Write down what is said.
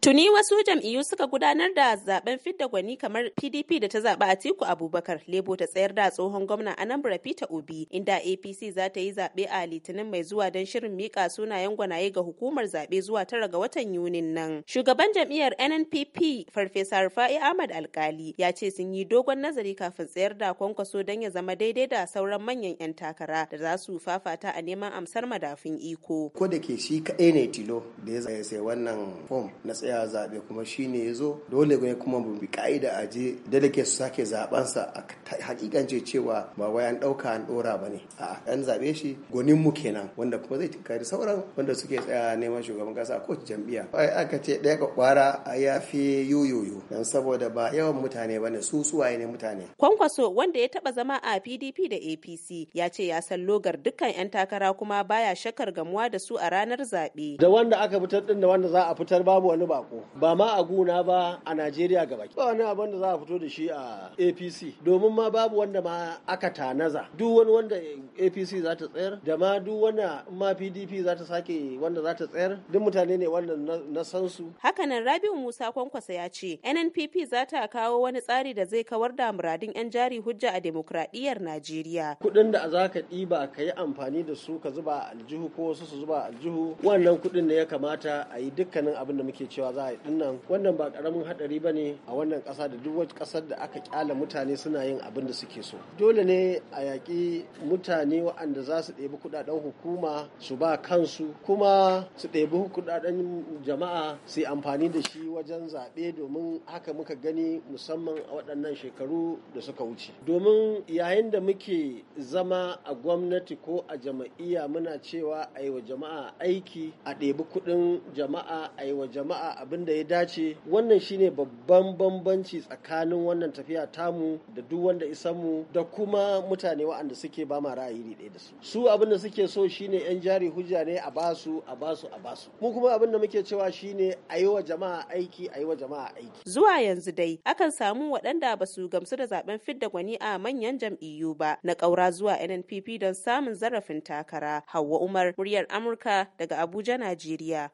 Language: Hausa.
Tuni wasu jam'iyyu suka gudanar da zaben fidda gwani kamar PDP da ta zaɓi Atiku Abubakar, Lebo ta tsayar da tsohon gwamna Anambra Peter Obi, inda APC za ta yi zaɓe a Litinin mai zuwa don shirin miƙa sunayen gwanaye ga hukumar zaɓe zuwa tara ga watan Yunin nan. Shugaban jam'iyyar NNPP Farfesa Rufa'i Ahmad Alkali ya ce sun yi dogon nazari kafin tsayar da kwankwaso don ya zama daidai da sauran manyan 'yan takara da za su fafata a neman amsar madafin iko. Ko da ke shi kaɗai ne tilo da ya sai wannan fom na tsaya zaɓe kuma shi ne ya zo dole ne kuma mu bi ka'ida a je delegate su sake zaɓensa a hakikance cewa ba wai an ɗauka an ɗora ba ne a an zaɓe shi gonin mu kenan wanda kuma zai kari sauran wanda suke tsaya neman shugaban kasa ko kowace jam'iyya ai aka ce ɗaya ga kwara ya fi yoyoyo dan saboda ba yawan mutane ba ne su suwaye ne mutane. Kwankwaso wanda ya taɓa zama a PDP da APC ya ce ya san logar dukkan 'yan takara kuma baya shakar gamuwa da su a ranar zaɓe. Da wanda aka fitar ɗin da wanda za a fitar babu wani ba bako ba ma a guna ba a Najeriya gaba ba wani abin da za a fito da shi a APC domin ma babu wanda ma aka tanaza duk wani wanda APC za ta tsayar da ma duk wanda ma PDP za ta sake wanda za ta tsayar duk mutane ne wanda na san su hakanan Rabiu Musa Kwankwasa ya ce NNPP za ta kawo wani tsari da zai kawar da muradin yan jari hujja a demokradiyyar Najeriya kuɗin da za ka ɗiba ka yi amfani da su ka zuba aljihu ko wasu su zuba aljihu wannan kuɗin ne ya kamata a yi dukkanin abin da muke cewa cewa za a yi dinnan wannan ba karamin hadari ba ne a wannan kasa da duk wata kasar da aka kyala mutane suna yin abin da suke so dole ne a yaƙi mutane waɗanda za su ɗebi kuɗaɗen hukuma su ba kansu kuma su ɗebi kuɗaɗen jama'a su yi amfani da shi wajen zaɓe domin haka muka gani musamman a waɗannan shekaru da suka wuce domin yayin da muke zama a gwamnati ko a jama'iyya muna cewa a jama'a aiki a ɗebi kuɗin jama'a a jama'a abin da ya dace wannan shine babban bambanci tsakanin wannan tafiya tamu da duk wanda mu da kuma mutane waɗanda suke ba ma ra'ayi ɗaya da su su abin da suke so shine yan jari hujja ne a basu a basu a basu mu kuma abin da muke cewa shine a yi wa jama'a aiki a yi wa jama'a aiki zuwa yanzu dai akan samu waɗanda ba su gamsu da zaben fidda gwani a manyan jam'iyyu ba na ƙaura zuwa NNPP don samun zarafin takara Hauwa Umar muryar Amurka daga Abuja Najeriya